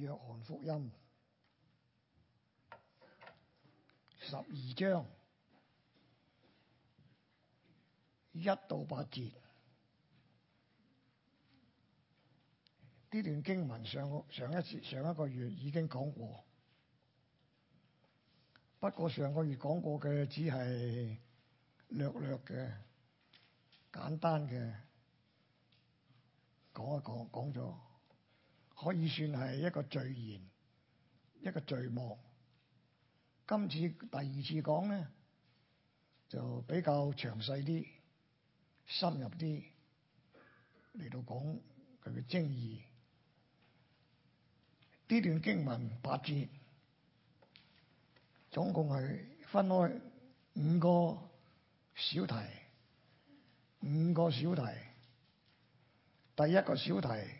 約翰福音十二章一到八節，呢段經文上上一次上一個月已經講過，不過上個月講過嘅只係略略嘅簡單嘅講一講講咗。可以算係一個序言，一個序幕。今次第二次講咧，就比較詳細啲，深入啲嚟到講佢嘅精義。呢段經文八節，總共係分開五個小題，五個小題。第一個小題。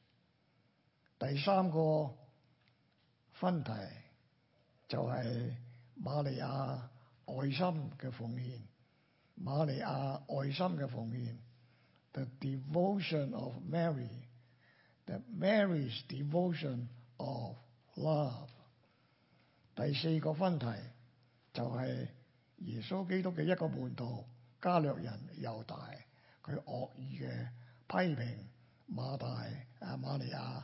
第三個分題就係瑪利亞愛心嘅奉獻，瑪利亞愛心嘅奉獻。The devotion of Mary, the Mary's devotion of love。第四個分題就係耶穌基督嘅一個叛徒加略人猶大，佢惡意嘅批評馬大啊瑪利亞。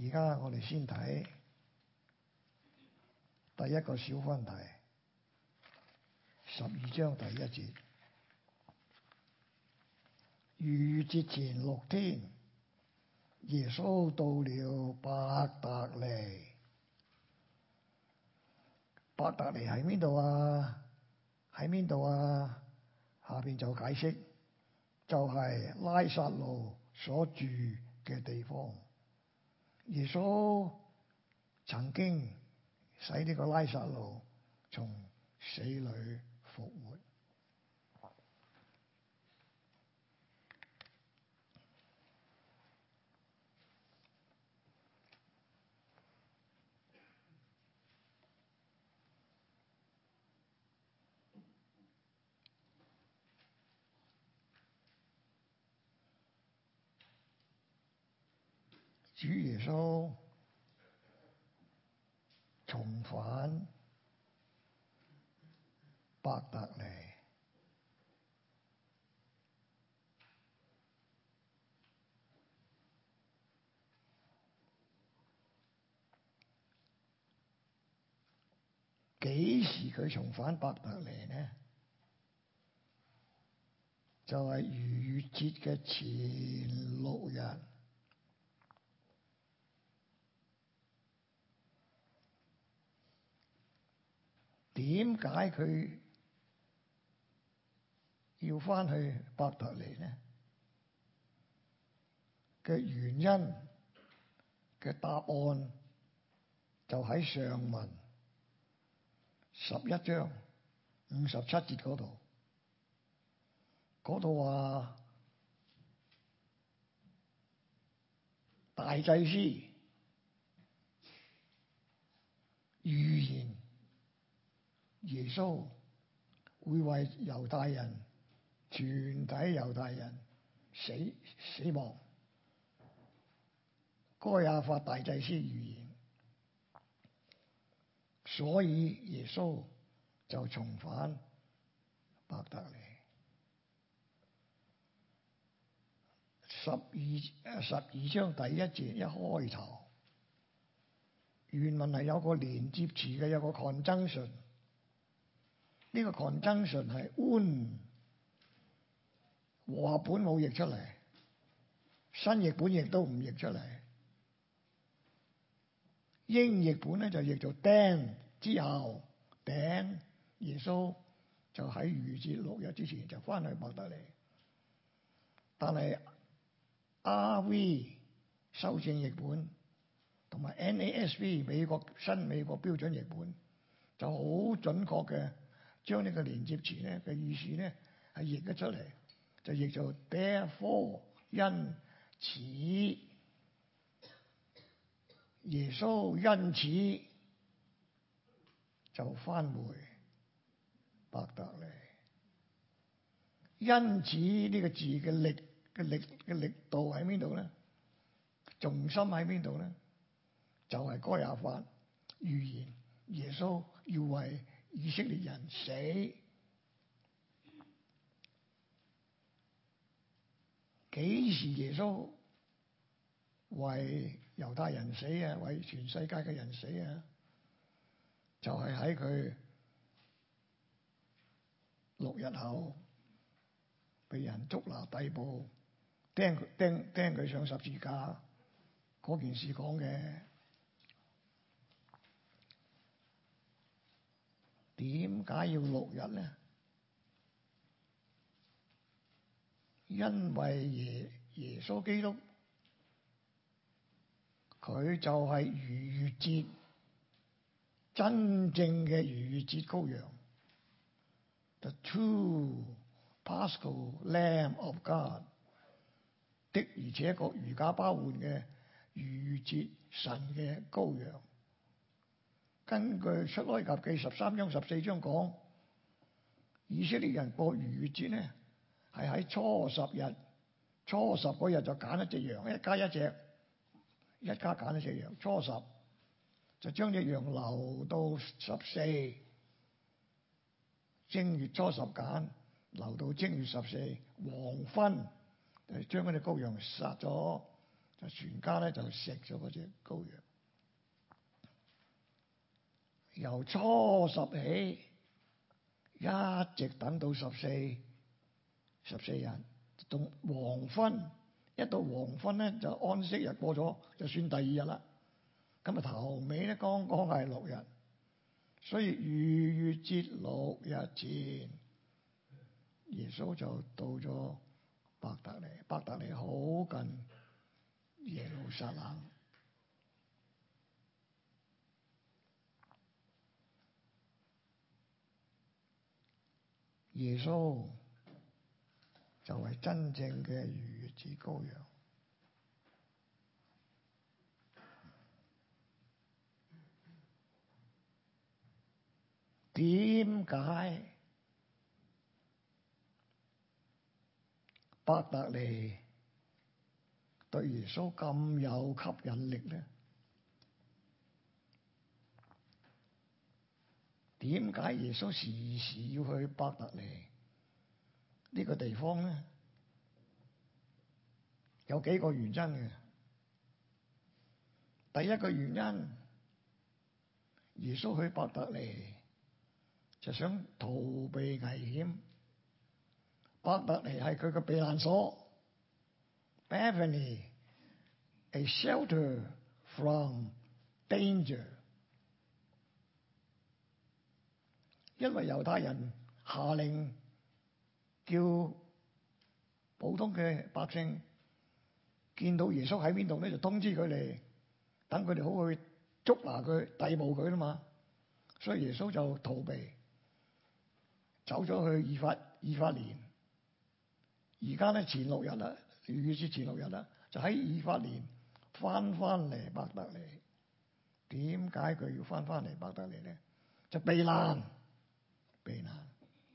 而家我哋先睇第一個小分題，十二章第一節，逾越節前六天，耶穌到了伯大尼。伯大尼喺邊度啊？喺邊度啊？下邊就解釋，就係、是、拉撒路所住嘅地方。耶穌曾經使呢個拉撒路從死裏復活。主耶穌重返伯大尼，幾時佢重返伯大尼呢？就係逾越節嘅前六日。點解佢要翻去伯大尼咧？嘅原因嘅答案就喺上文十一章五十七節度，度話大祭司。耶穌會為猶太人、全體猶太人死死亡，該亞法大祭司預言，所以耶穌就重返伯特利。十二十二章第一節一開頭原文係有個連接詞嘅，有個 conjunction。呢個 conjunction 係 o n 和合本冇譯出嚟，新譯本亦都唔譯出嚟。英譯本咧就譯做 Then，之後 Then，Dan, 耶穌就喺逾越節六日之前就翻去伯特利。但係 R.V. 修正譯本同埋 NASB 美國新美國標準譯本就好準確嘅。將呢個連接詞咧嘅意思咧係譯咗出嚟，就譯做 therefore 因此，耶穌因此就返回伯特利。因此呢，這個字嘅力嘅力嘅力度喺邊度咧？重心喺邊度咧？就係該亞法預言耶穌要為。以色列人死幾時？耶穌為猶太人死啊，為全世界嘅人死啊，就係喺佢六日後被人捉拿逮捕，釘釘釘佢上十字架嗰件事講嘅。點解要六日咧？因為耶耶穌基督佢就係逾越節真正嘅逾越節羔羊，the true Paschal Lamb of God 的而且確，如假包換嘅逾越節神嘅羔羊。根據出埃及記十三章十四章講，以色列人過逾越節咧，係喺初十日，初十日就揀一隻羊，一家一隻，一家揀一隻羊。初十就將隻羊留到十四，正月初十揀，留到正月十四，黃昏就將隻羔羊殺咗，就全家咧就食咗隻羔羊。由初十起，一直等到十四，十四日到黃昏，一到黃昏咧就安息日過咗，就算第二日啦。咁啊頭尾咧，剛剛係六日，所以逾越節六日前，耶穌就到咗伯大尼，伯大尼好近耶路撒冷。耶穌就係真正嘅如子羔羊。點解伯大尼對耶穌咁有吸引力呢？點解耶穌時時要去伯大尼呢個地方咧？有幾個原因嘅。第一個原因，耶穌去伯大尼就想逃避危險。伯大尼係佢個避難所，Bethany，a shelter from danger。因為猶太人下令叫普通嘅百姓見到耶穌喺邊度咧，就通知佢哋，等佢哋好去捉拿佢、逮捕佢啦嘛。所以耶穌就逃避，走咗去以法以法蓮。而家咧，前六日啦，預先前六日啦，就喺以法蓮返返嚟伯特利。點解佢要返返嚟伯特利咧？就避難。避難，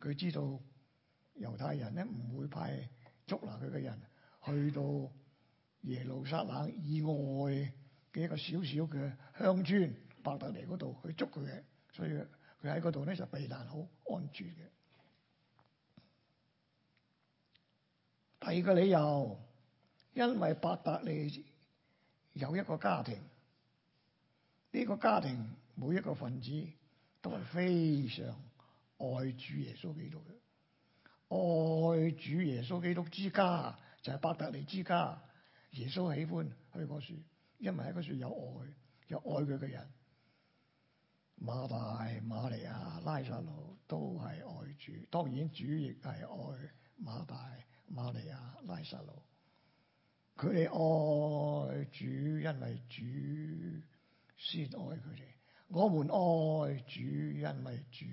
佢知道猶太人咧唔會派捉拿佢嘅人去到耶路撒冷以外嘅一個小小嘅鄉村伯特尼度去捉佢嘅，所以佢喺度咧就避難好安全嘅。第二個理由，因為伯特尼有一個家庭，呢、這個家庭每一個分子都係非常。愛主耶穌基督嘅，愛主耶穌基督之家就係、是、伯大尼之家。耶穌喜歡去嗰處，因為喺嗰處有愛，有愛佢嘅人。馬大、瑪利亞、拉撒路都係愛主，當然主亦係愛馬大、瑪利亞、拉撒路。佢哋愛主，因為主先愛佢哋。我們愛主，因為主。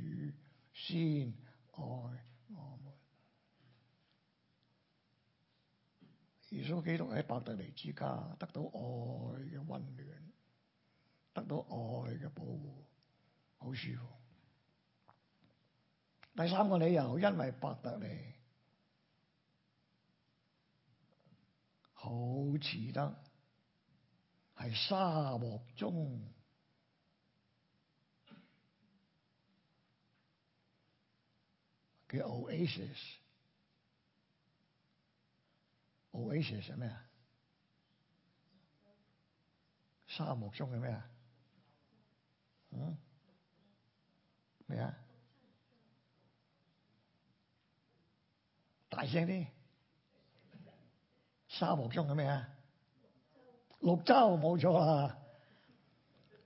先愛我們，耶穌基督喺伯大尼之家得到愛嘅溫暖，得到愛嘅保護，好舒服。第三個理由，因為伯大尼好似得喺沙漠中。叫 oasis，oasis 係咩啊？沙漠中嘅咩啊？嗯？咩啊？大聲啲！沙漠中嘅咩啊？綠洲冇錯啦。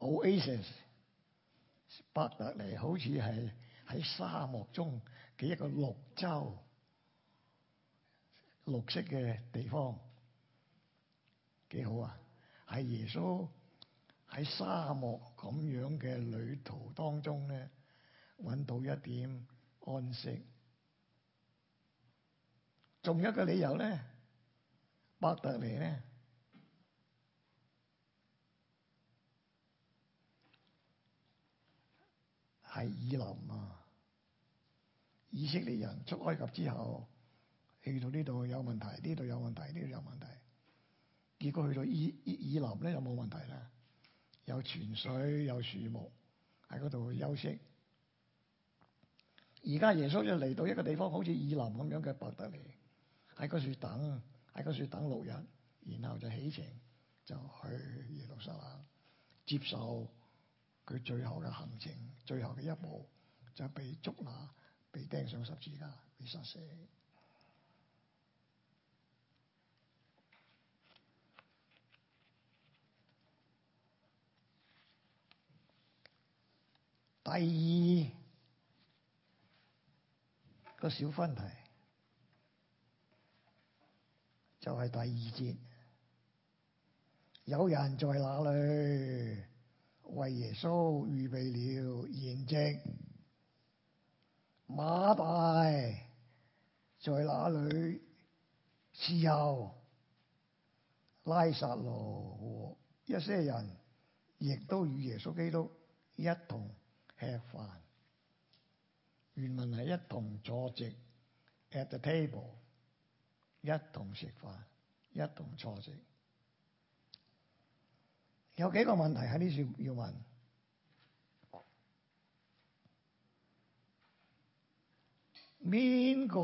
oasis，伯特尼好似係喺沙漠中。幾一個綠洲，綠色嘅地方，幾好啊！係耶穌喺沙漠咁樣嘅旅途當中咧，揾到一點安息。仲有一個理由咧，伯特利咧係以琳啊！以色列人出埃及之後去到呢度有問題，呢度有問題，呢度有問題，結果去到以以以琳咧就冇問題啦，有泉水，有樹木喺度休息。而家耶穌就嚟到一個地方，好似以琳咁樣嘅伯得尼，喺嗰等喺嗰等，等六日，然後就起程就去耶路撒冷接受佢最後嘅行程，最後嘅一步就被捉拿。被釘上十字架，被殺死。第二個小分題就係、是、第二節，有人在那裡為耶穌預備了筵席。馬大，在哪裏侍候，拉撒路和一些人亦都與耶穌基督一同吃飯。原文係一同坐席，at the table，一同食飯，一同坐席。有幾個問題喺呢處要問。邊個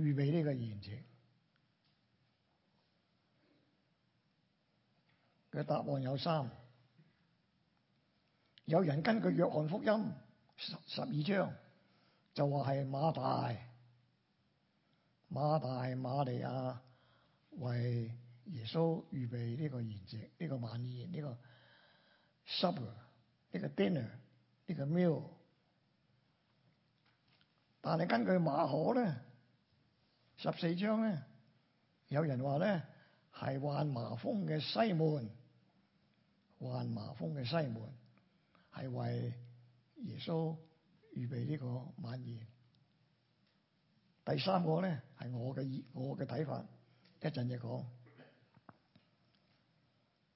預備呢個筵席？嘅答案有三。有人根據約翰福音十十二章，就話係馬大、馬大、瑪利亞為耶穌預備呢個筵席，呢個晚宴，呢個 supper、呢個 dinner、呢個 meal。但係根據馬可咧，十四章咧，有人話咧係患麻風嘅西門，患麻風嘅西門係為耶穌預備呢個晚宴。第三個咧係我嘅我嘅睇法，一陣就講。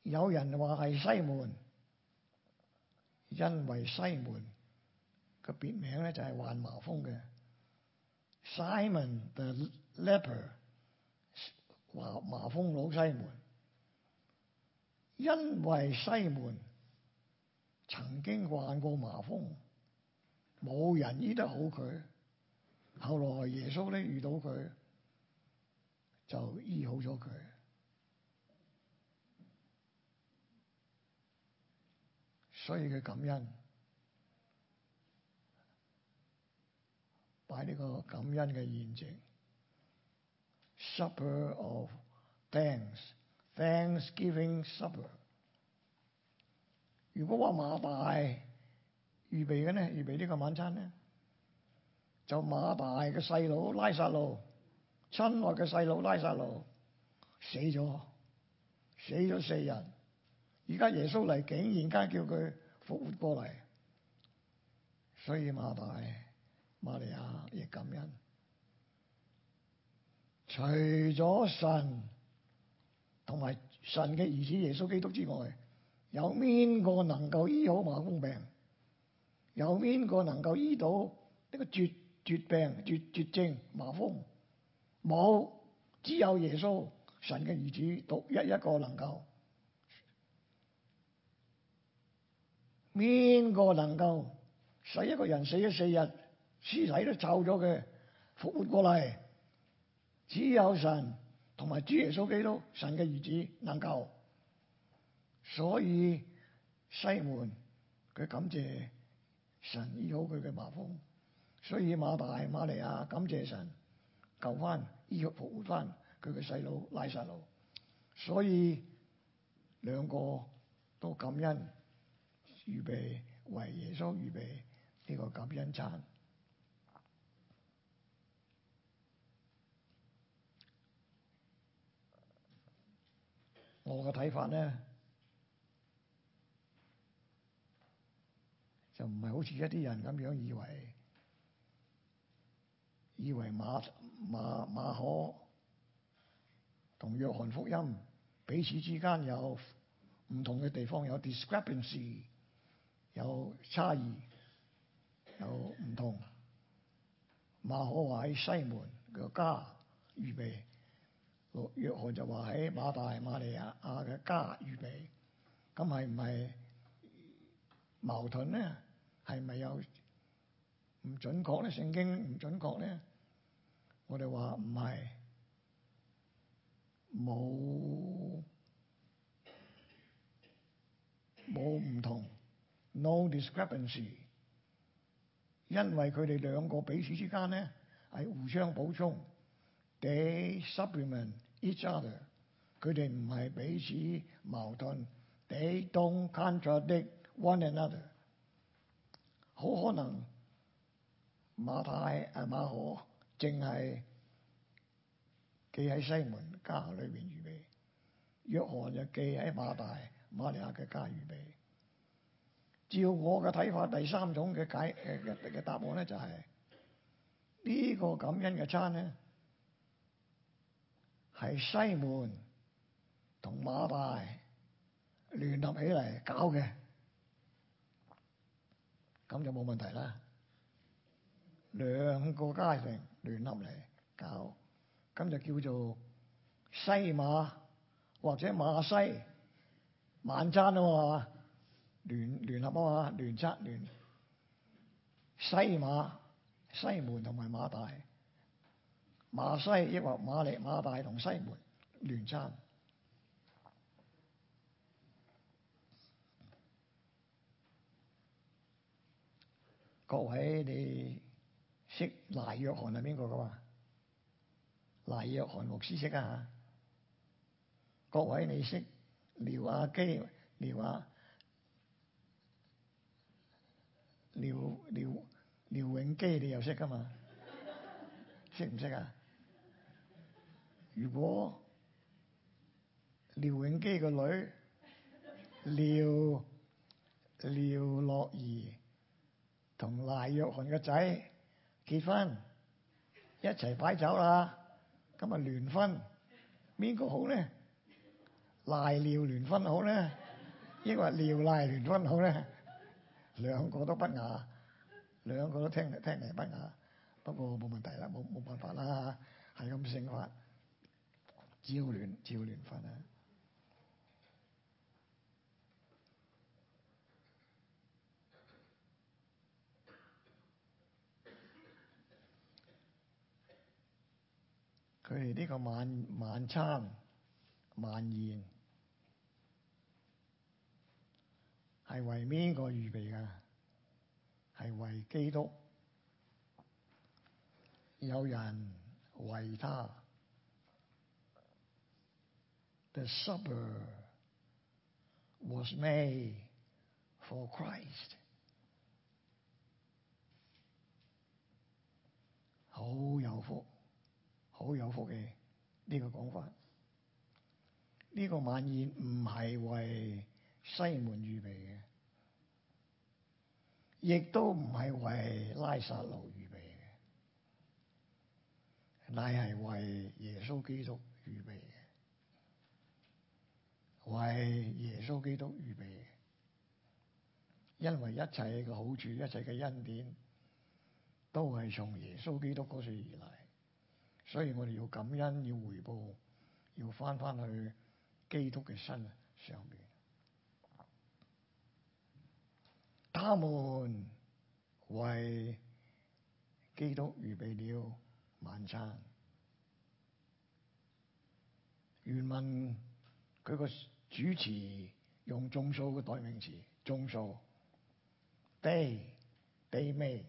有人話係西門，因為西門個別名咧就係患麻風嘅。Simon the leper 話，麻風佬西門，因為西門曾經患過麻風，冇人醫得好佢，後來耶穌咧遇到佢，就醫好咗佢，所以佢感恩。擺呢個感恩嘅宴席，Supper of Thanks, Thanksgiving Supper。如果話馬大預備嘅呢，預備呢個晚餐呢，就馬大嘅細佬拉撒路，親愛嘅細佬拉撒路死咗，死咗四日，而家耶穌嚟竟然間叫佢復活過嚟，所以馬大。瑪利亞亦感恩。除咗神同埋神嘅兒子耶穌基督之外，有邊個能夠醫好麻風病有邊個能夠醫到呢個絕絕病、絕絕症麻風冇，只有耶穌神嘅兒子，獨一一個能夠。邊個能夠使一個人死咗四日？屍體都臭咗嘅，復活過嚟，只有神同埋主耶穌基督神嘅兒子能夠。所以西門佢感謝神醫好佢嘅麻風，所以馬大馬利亞感謝神救翻、醫好復活翻佢嘅細佬拉撒路。所以兩個都感恩，預備為耶穌預備呢個感恩餐。我嘅睇法呢，就唔係好似一啲人咁樣，以為，以為馬馬馬可同約翰福音彼此之間有唔同嘅地方，有 discrepancy，有差異，有唔同。馬可話喺西門嘅家預備。約翰就話喺馬大馬利亞嘅家預備，咁係唔係矛盾咧？係咪有唔準確咧？聖經唔準確咧？我哋話唔係，冇冇唔同，no discrepancy，因為佢哋兩個彼此之間咧係互相補充，the supplement Each other，佢哋唔係彼此矛盾。They don't contradict one another。好可能，馬太啊馬可淨係記喺西門家裏邊預備，約翰就記喺馬大馬利亞嘅家預備。照我嘅睇法，第三種嘅解、誒嘅、呃、答案咧就係、是、呢、這個感恩嘅餐咧。係西門同馬大聯合起嚟搞嘅，咁就冇問題啦。兩個家庭聯合嚟搞，咁就叫做西馬或者馬西晚餐啊嘛，聯聯合啊嘛，聯扎聯西馬、西門同埋馬大。馬西亦或馬力、馬大同、西門亂爭。各位你識賴若瀚係邊個噶嘛？賴若瀚牧師識啊？各位你識廖亞基、廖啊、廖廖廖永基，你又識噶嘛？識唔 識啊？如果廖永基個女兒廖廖樂儀同賴若翰個仔結婚一齊擺酒啦，咁啊聯婚邊個好咧？賴廖聯婚好咧？抑或廖賴聯婚好咧？兩個都不雅，兩個都聽嚟聽嚟不雅，不過冇問題啦，冇冇辦法啦，係咁成法。照聯照聯分啊！佢哋呢個晚晚餐晚宴係為邊個預備噶？係為基督，有人為他。The supper was made for Christ。好有福，好有福嘅呢個講法。呢個晚宴唔係為西門預備嘅，亦都唔係為拉薩路預備嘅，乃係為耶穌基督預備嘅。為耶穌基督預備，因為一切嘅好處、一切嘅恩典，都係從耶穌基督嗰處而嚟，所以我哋要感恩、要回報、要翻翻去基督嘅身上面。他們為基督預備了晚餐。原文佢個。主持用眾數嘅代名詞眾數，爹爹咪，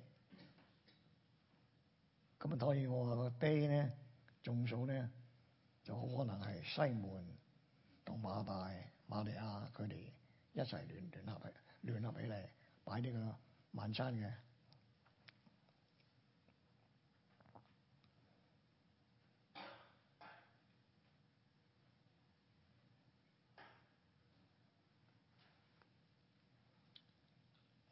咁啊，所以我話個 day 呢，眾數呢，就好可能係西門同馬大馬利亞佢哋一齊聯合聯合起合起嚟擺呢個晚餐嘅。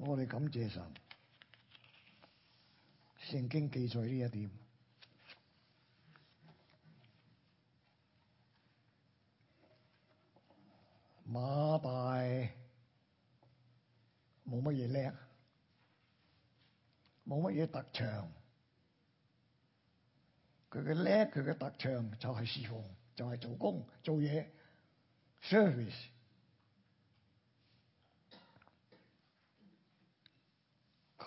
我哋感謝神，聖經記載呢一點，馬大冇乜嘢叻，冇乜嘢特長，佢嘅叻，佢嘅特長就係侍奉，就係、是、做工做嘢，service。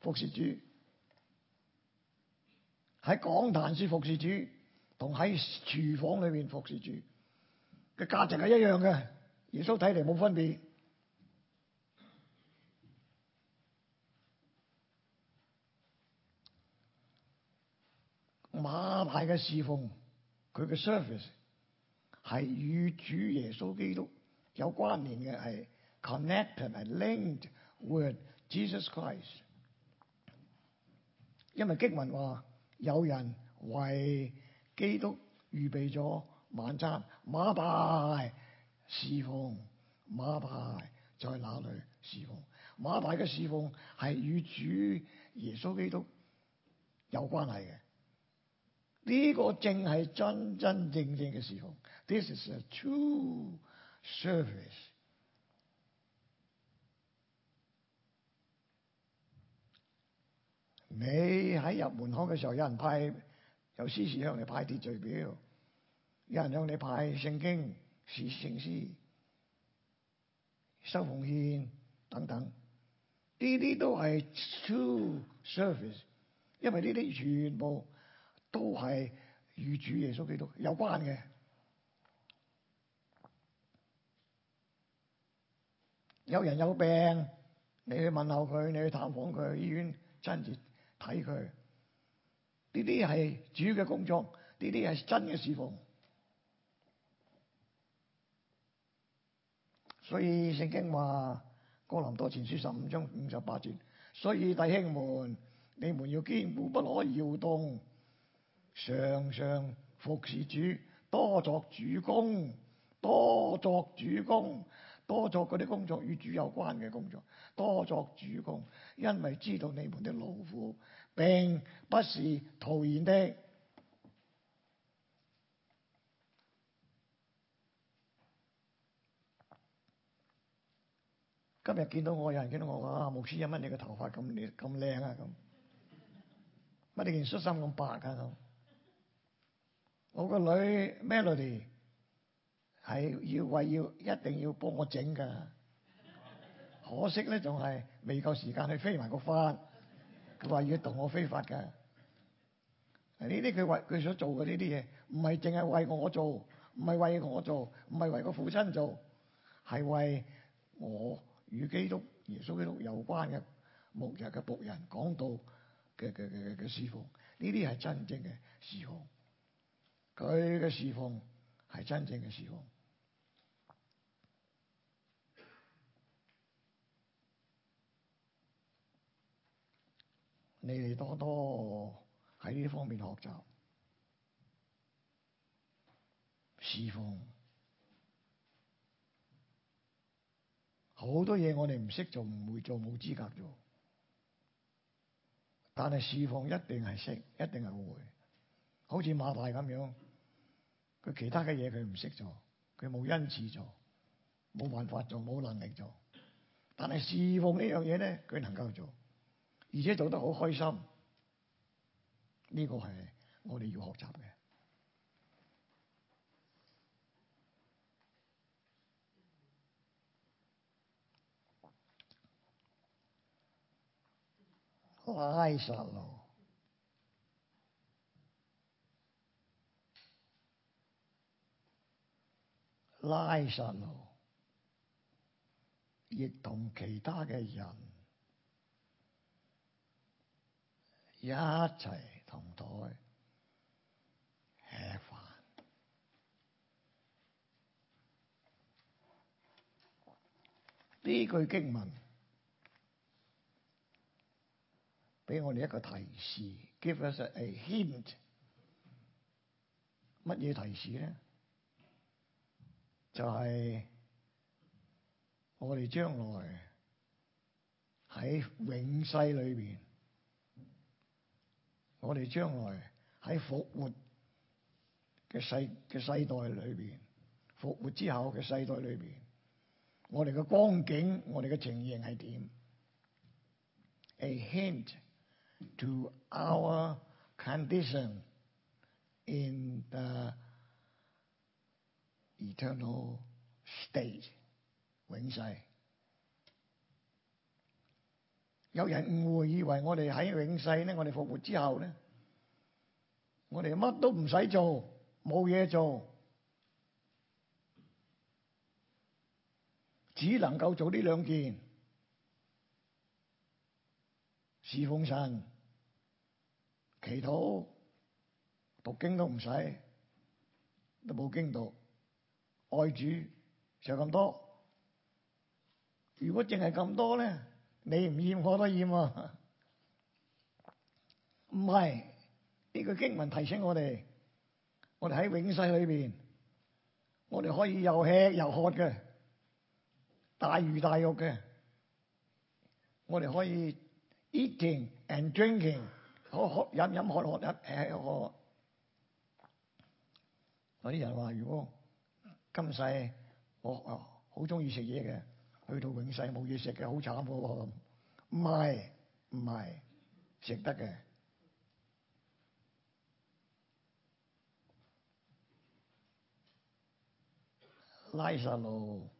服侍主喺講壇，係服侍主同喺廚房裏邊服侍主嘅價值係一樣嘅。耶穌睇嚟冇分別。馬大嘅侍奉，佢嘅 service 係與主耶穌基督有關聯嘅，係 connect 同埋 linked with Jesus Christ。因為經文話有人為基督預備咗晚餐，馬大侍奉，馬大在哪裏侍奉？馬大嘅侍奉係與主耶穌基督有關係嘅，呢、這個正係真真正正嘅侍奉。This is a true service. 你喺入門口嘅時候，有人派，由司事向你派秩序表，有人向你派聖經、聖詩、收奉獻等等，呢啲都係 true service，因為呢啲全部都係與主耶穌基督有關嘅。有人有病，你去問候佢，你去探訪佢，去醫院親自。睇佢，呢啲係主嘅工作，呢啲係真嘅事奉。所以聖經話《哥林多前書》十五章五十八節，所以弟兄們，你們要堅固不可搖動，常常服侍主，多作主工，多作主工。多做嗰啲工作與主有關嘅工作，多作主工，因為知道你們的勞苦並不是徒然的。今日見到我有人見到我啊，牧師，有乜你嘅頭髮咁靚啊？咁？乜你件恤衫咁白啊？咁我個女 Melody。Mel ody, 係要為要，一定要幫我整噶。可惜咧，仲係未夠時間去飛埋個花，佢話要同我飛法噶。呢啲佢為佢所做嘅呢啲嘢，唔係淨係為我做，唔係為我做，唔係為個父親做，係為我與基督耶穌基督有關嘅末日嘅僕人講道嘅嘅嘅嘅侍奉。呢啲係真正嘅侍奉，佢嘅侍奉係真正嘅侍奉。你哋多多喺呢方面學習。侍奉好多嘢，我哋唔識做，唔會做，冇資格做。但係侍奉一定係識，一定係會，好似馬大咁樣。佢其他嘅嘢佢唔識做，佢冇因此做，冇辦法做，冇能力做。但係侍奉呢樣嘢咧，佢能夠做。而且做得好開心，呢、這個係我哋要學習嘅。拉撒路，拉撒路，亦同其他嘅人。一齊同台吃飯，呢 Have fun. 句經文俾我哋一個提示，give us a hint，乜嘢提示咧？就係、是、我哋將來喺永世裏邊。我哋將來喺復活嘅世嘅世代裏邊，復活之後嘅世代裏邊，我哋嘅光景，我哋嘅情形係點？A hint to our condition in the eternal state 永世。有人誤會以為我哋喺永世咧，我哋復活之後咧，我哋乜都唔使做，冇嘢做，只能夠做呢兩件：侍奉神、祈禱、讀經都唔使，都冇經讀，愛主就咁多。如果淨係咁多咧？你唔厭我都厭啊！唔係呢個經文提醒我哋，我哋喺永世裏面，我哋可以又吃又喝嘅，大魚大肉嘅，我哋可以 eating and drinking，喝喝飲飲喝喝。有啲人話：如果今世我啊好中意食嘢嘅，去到永世冇嘢食嘅，好慘喎！.唔係唔係食得嘅，拉撒路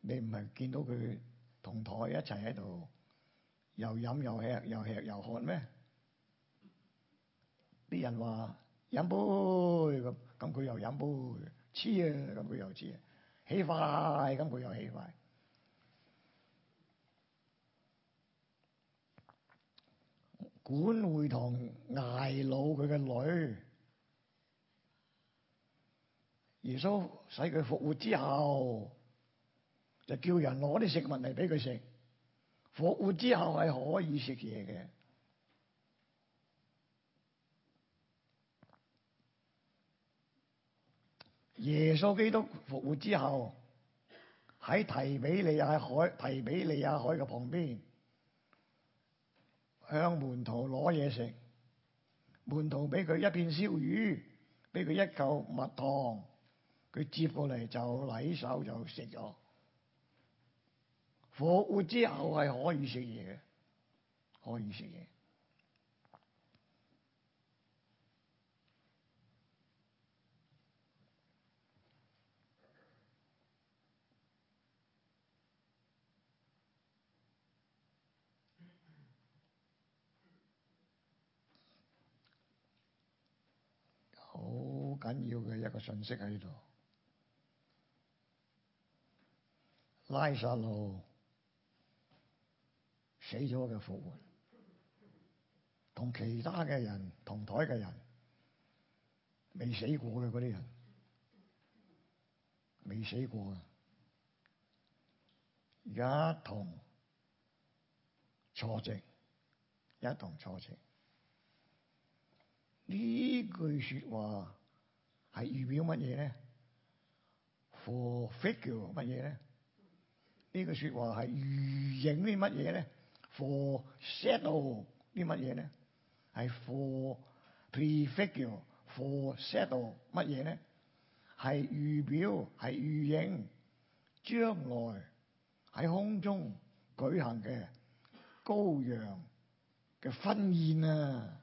你唔係見到佢同台一齊喺度又飲又吃又吃又喝咩？啲人話飲杯咁咁佢又飲杯，黐啊咁佢又黐啊，起快咁佢又起快。管會堂睚魯佢嘅女，耶穌使佢復活之後就叫人攞啲食物嚟俾佢食。復活之後係可以食嘢嘅。耶穌基督復活之後，喺提比利亞海提比利亞海嘅旁邊，向門徒攞嘢食，門徒俾佢一片燒魚，俾佢一嚿蜜糖，佢接過嚟就禮手就食咗。復活之後係可以食嘢嘅，可以食嘢。緊要嘅一個信息喺度，拉撒路死咗嘅復活，同其他嘅人同枱嘅人，未死過嘅嗰啲人，未死過嘅，一同坐直，一同坐直，呢句說話。係預表乜嘢咧？For figure 乜嘢咧？呢個、說呢句説話係預影啲乜嘢咧？For shadow 啲乜嘢咧？係 for prefigure, for shadow 乜嘢咧？係預表，係預影將來喺空中舉行嘅羔羊嘅婚宴啊！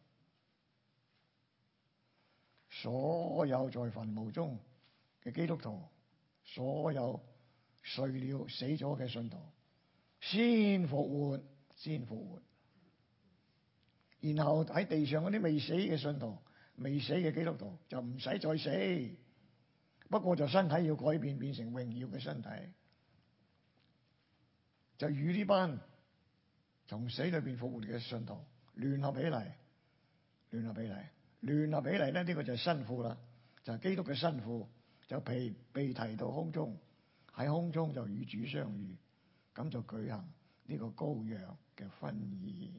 所有在墳墓中嘅基督徒，所有碎了死咗嘅信徒，先復活，先復活，然後喺地上啲未死嘅信徒、未死嘅基督徒就唔使再死，不過就身體要改變，變成榮耀嘅身體，就與呢班從死裏邊復活嘅信徒聯合起嚟，聯合起嚟。聯合起嚟咧，呢、這個就係新婦啦，就是、基督嘅新婦，就被被提到空中，喺空中就與主相遇，咁就舉行呢個羔羊嘅婚儀。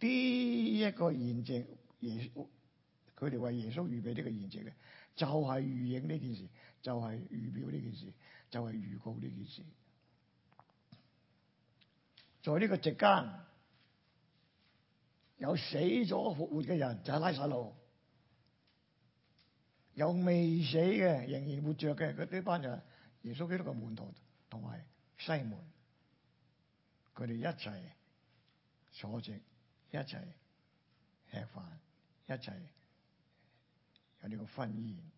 呢一個筵席，耶佢哋、哦、為耶穌預備呢個筵席嘅，就係、是、預影呢件事，就係、是、預表呢件事，就係、是、預告呢件事。在呢個席間，有死咗復活嘅人就喺、是、拉撒路，有未死嘅仍然活着嘅，佢呢班人耶穌基督嘅門徒同埋西門，佢哋一齊坐席，一齊食飯，一齊有呢個婚宴。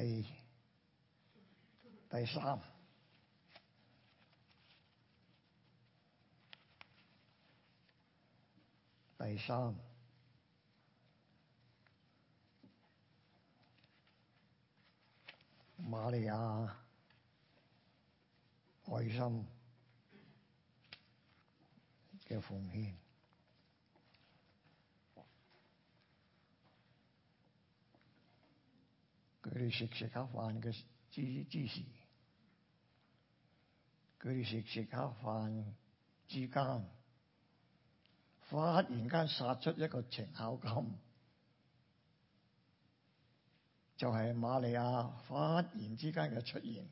第第三，第三瑪利亞，愛心嘅奉獻。佢哋食食下飯嘅之之時，佢哋食食下飯之間，忽然間殺出一個程咬金，就係、是、瑪利亞忽然之間嘅出現。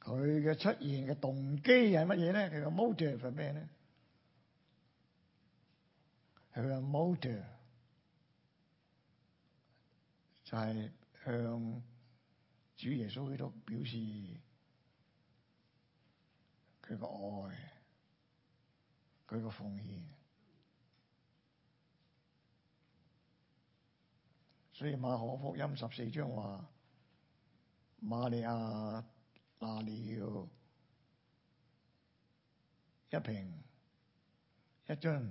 佢嘅出現嘅動機係乜嘢咧？佢嘅 motive 係咩咧？向 motor 就係向主耶穌基督表示佢個愛，佢個奉獻。所以馬可福音十四章話：馬利亞拿嚟一,一瓶一樽。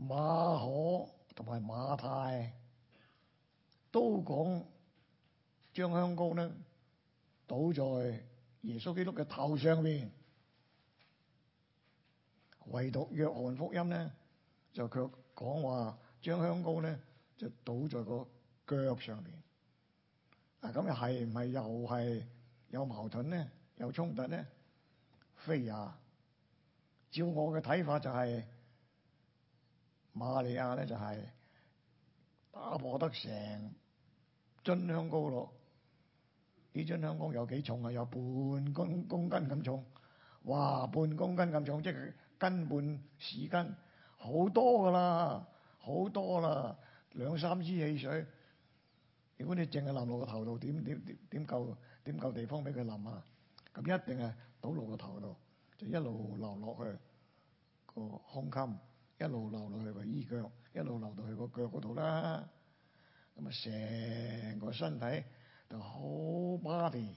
馬可同埋馬太都講，將香膏咧倒在耶穌基督嘅頭上面。唯獨約翰福音咧就卻講話將香膏咧就倒在個腳上面。嗱、啊、咁又係唔係又係有矛盾咧？有衝突咧？非也。照我嘅睇法，就係、是。瑪利亞咧就係打破得成樽香膏落。呢樽香膏有幾重啊？有半公公斤咁重，哇！半公斤咁重，即係斤半市斤，好多噶啦，好多啦，兩三支汽水。如果你淨係淋落個頭度，點點點點夠點夠地方俾佢淋啊？咁一定係倒落個頭度，就一路流落去個胸襟，一路流落去個衣腳，一路流到去個腳嗰度啦。咁啊，成個身體就好 body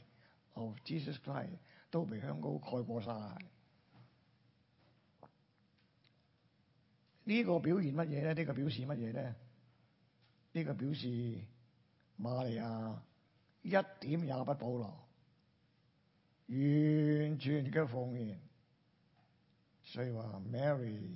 of Jesus Christ 都被香膏蓋過晒。呢個表現乜嘢咧？呢個表示乜嘢咧？呢個表示瑪利亞一點也不保留，完全嘅奉獻。所以話 Mary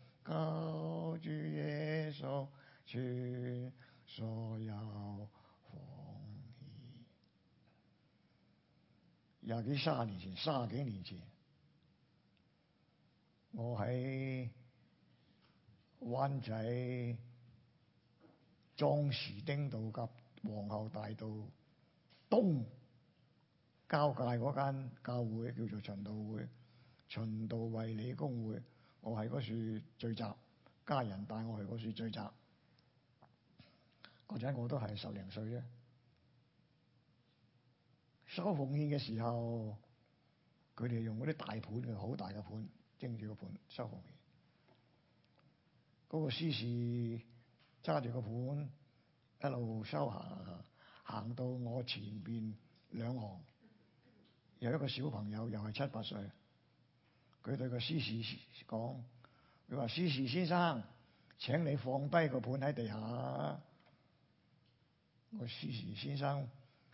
高舉耶穌，處所有。奉你。廿幾卅年前，卅幾年前，我喺灣仔莊士丁道及皇后大道東交界嗰間教會叫做循道會，循道衛理公會。我喺嗰處聚集，家人帶我去嗰處聚集。嗰陣我都係十零歲啫。收奉獻嘅時候，佢哋用嗰啲大盤，好大嘅盤，蒸住個盤收奉獻。嗰、那個司事揸住個盤，一路收下行，行到我前面兩行，有一個小朋友又係七八歲。佢對個司事講，佢話司事先生，請你放低個盤喺地下。個司事先生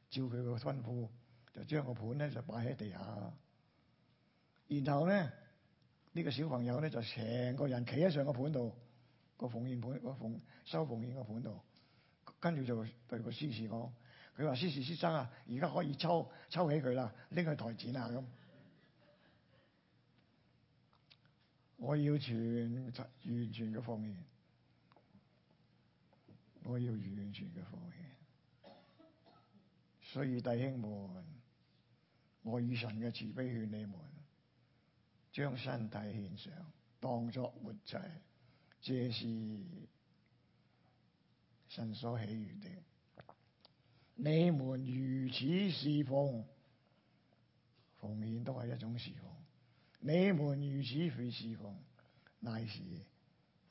照佢個吩咐，就將個盤咧就擺喺地下。然後咧，呢個小朋友咧就成個人企喺上個盤度，個奉獻盤、個奉收奉獻個盤度，跟住就對個司事講，佢話司事先生啊，而家可以抽抽起佢啦，拎去台前啊咁。我要全完全嘅奉獻，我要完全嘅奉獻。所以弟兄們，我以神嘅慈悲勸你們，將身體獻上，當作活祭，這是神所喜悅的。你們如此侍奉，奉獻都係一種侍奉。你們如此去侍奉，乃是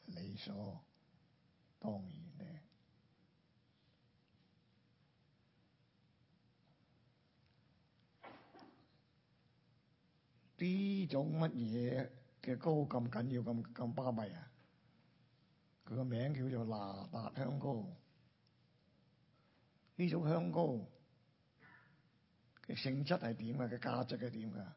理所當然咧。呢種乜嘢嘅膏咁緊要咁巴閉啊？佢個名叫做哪噠香膏」。呢種香膏嘅性質係點啊？佢嘅價值係點噶？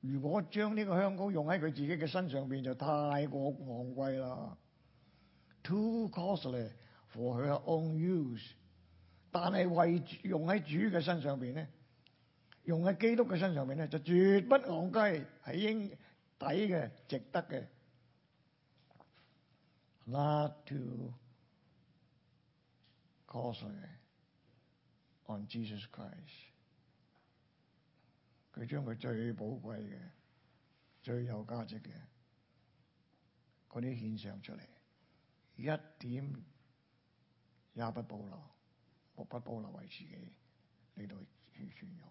如果將呢個香膏用喺佢自己嘅身上邊，就太過昂貴啦，too costly for her own use 但，但係為用喺主嘅身上邊咧，用喺基督嘅身上邊咧，就絕不昂貴，係應抵嘅，值得嘅。Not too costly on Jesus Christ。佢將佢最寶貴嘅、最有價值嘅嗰啲獻上出嚟，一點也不保留，不不保留為自己嚟到去享用。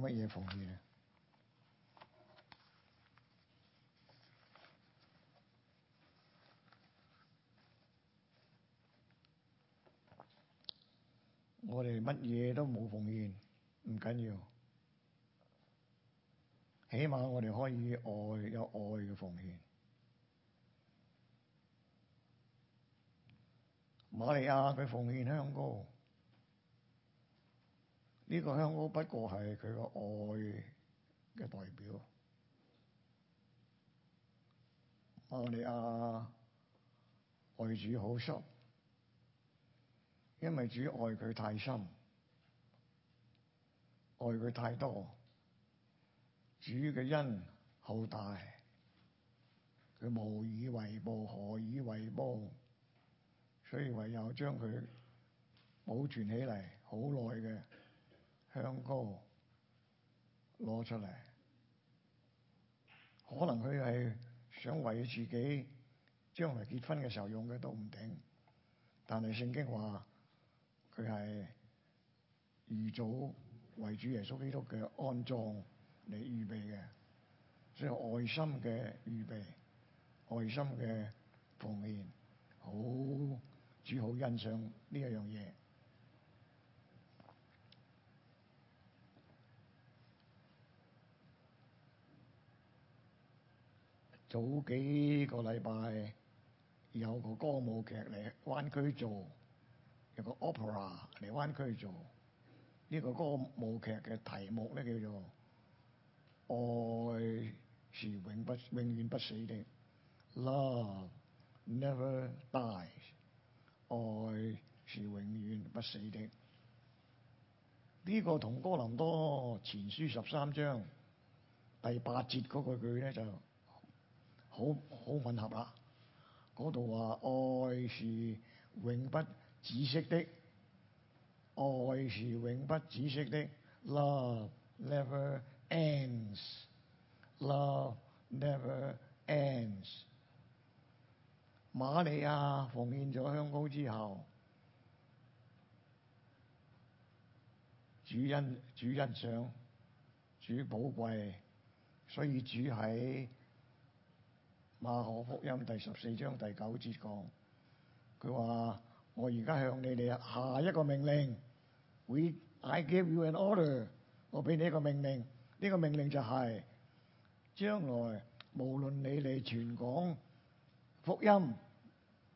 乜嘢奉獻？我哋乜嘢都冇奉獻，唔緊要。起碼我哋可以愛，有愛嘅奉獻。瑪利亞佢奉獻香膏。呢個香膏不過係佢個愛嘅代表。瑪利亞愛主好深，因為主愛佢太深，愛佢太多，主嘅恩好大，佢無以為報，何以為報？所以唯有將佢保存起嚟，好耐嘅。香膏攞出嚟，可能佢係想為自己將來結婚嘅時候用嘅都唔定，但係聖經話佢係預早為主耶穌基督嘅安葬嚟預備嘅，所以愛心嘅預備、愛心嘅奉獻，好，主好欣賞呢一樣嘢。早幾個禮拜有個歌舞劇嚟灣區做，有個 opera 嚟灣區做。呢、這個歌舞劇嘅題目咧叫做《愛是永不永遠不死的》，Love never dies。愛是永遠不死的。呢、這個同《哥林多前書》十三章第八節嗰句咧就。好好吻合啦！嗰度話愛是永不止息的，愛是永不止息的。Love never ends. Love never ends. 瑪利亞奉獻咗香膏之後，主欣主欣賞，主寶貴，所以主喺。馬可福音第十四章第九節講：佢話：我而家向你哋下一個命令，We, I give you an order。我俾你一個命令，呢、這個命令就係、是：將來無論你嚟傳講福音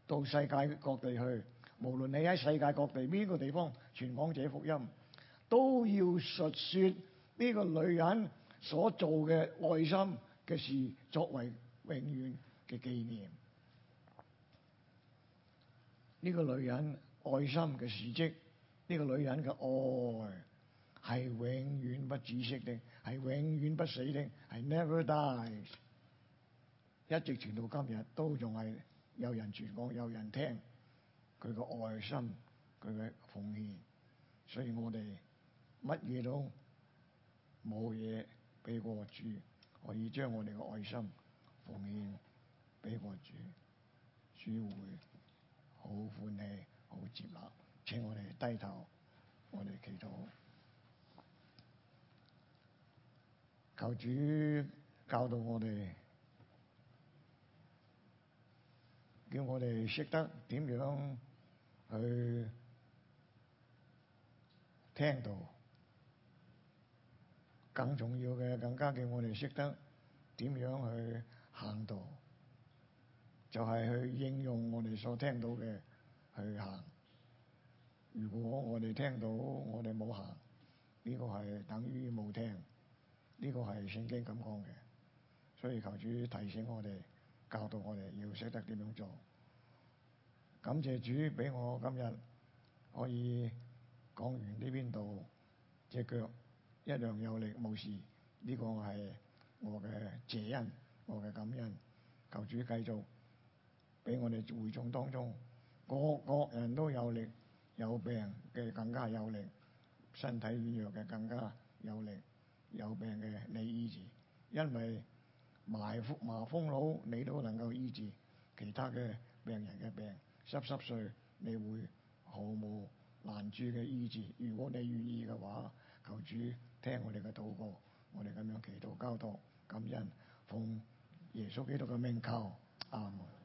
到世界各地去，無論你喺世界各地邊個地方傳講者福音，都要述説呢個女人所做嘅愛心嘅事作為。永遠嘅紀念，呢、這個女人愛心嘅事蹟，呢、這個女人嘅愛係永遠不止息的，係永遠不死的，係 never die 一直傳到今日都仲係有人傳講有人聽佢個愛心佢嘅奉獻，所以我哋乜嘢都冇嘢俾我住，可以將我哋嘅愛心。奉獻畀個主，主會好歡喜、好接納，請我哋低頭，我哋祈禱，求主教導我哋，叫我哋識得點樣去聽道，更重要嘅，更加叫我哋識得點樣去。行道就係、是、去應用我哋所聽到嘅去行。如果我哋聽到我哋冇行，呢、這個係等於冇聽。呢、這個係聖經咁講嘅，所以求主提醒我哋，教導我哋要識得點樣做。感謝主俾我今日可以講完呢邊度，隻腳一樣有力冇事。呢、這個係我嘅謝恩。我嘅感恩，求主繼續俾我哋會眾當中個個人都有力，有病嘅更加有力，身體軟弱嘅更加有力，有病嘅你醫治，因為麻風佬你都能夠醫治，其他嘅病人嘅病濕濕碎你會毫無難住嘅醫治。如果你願意嘅話，求主聽我哋嘅禱告，我哋咁樣祈禱交託感恩奉耶穌基督嘅名求，阿門。yes, um。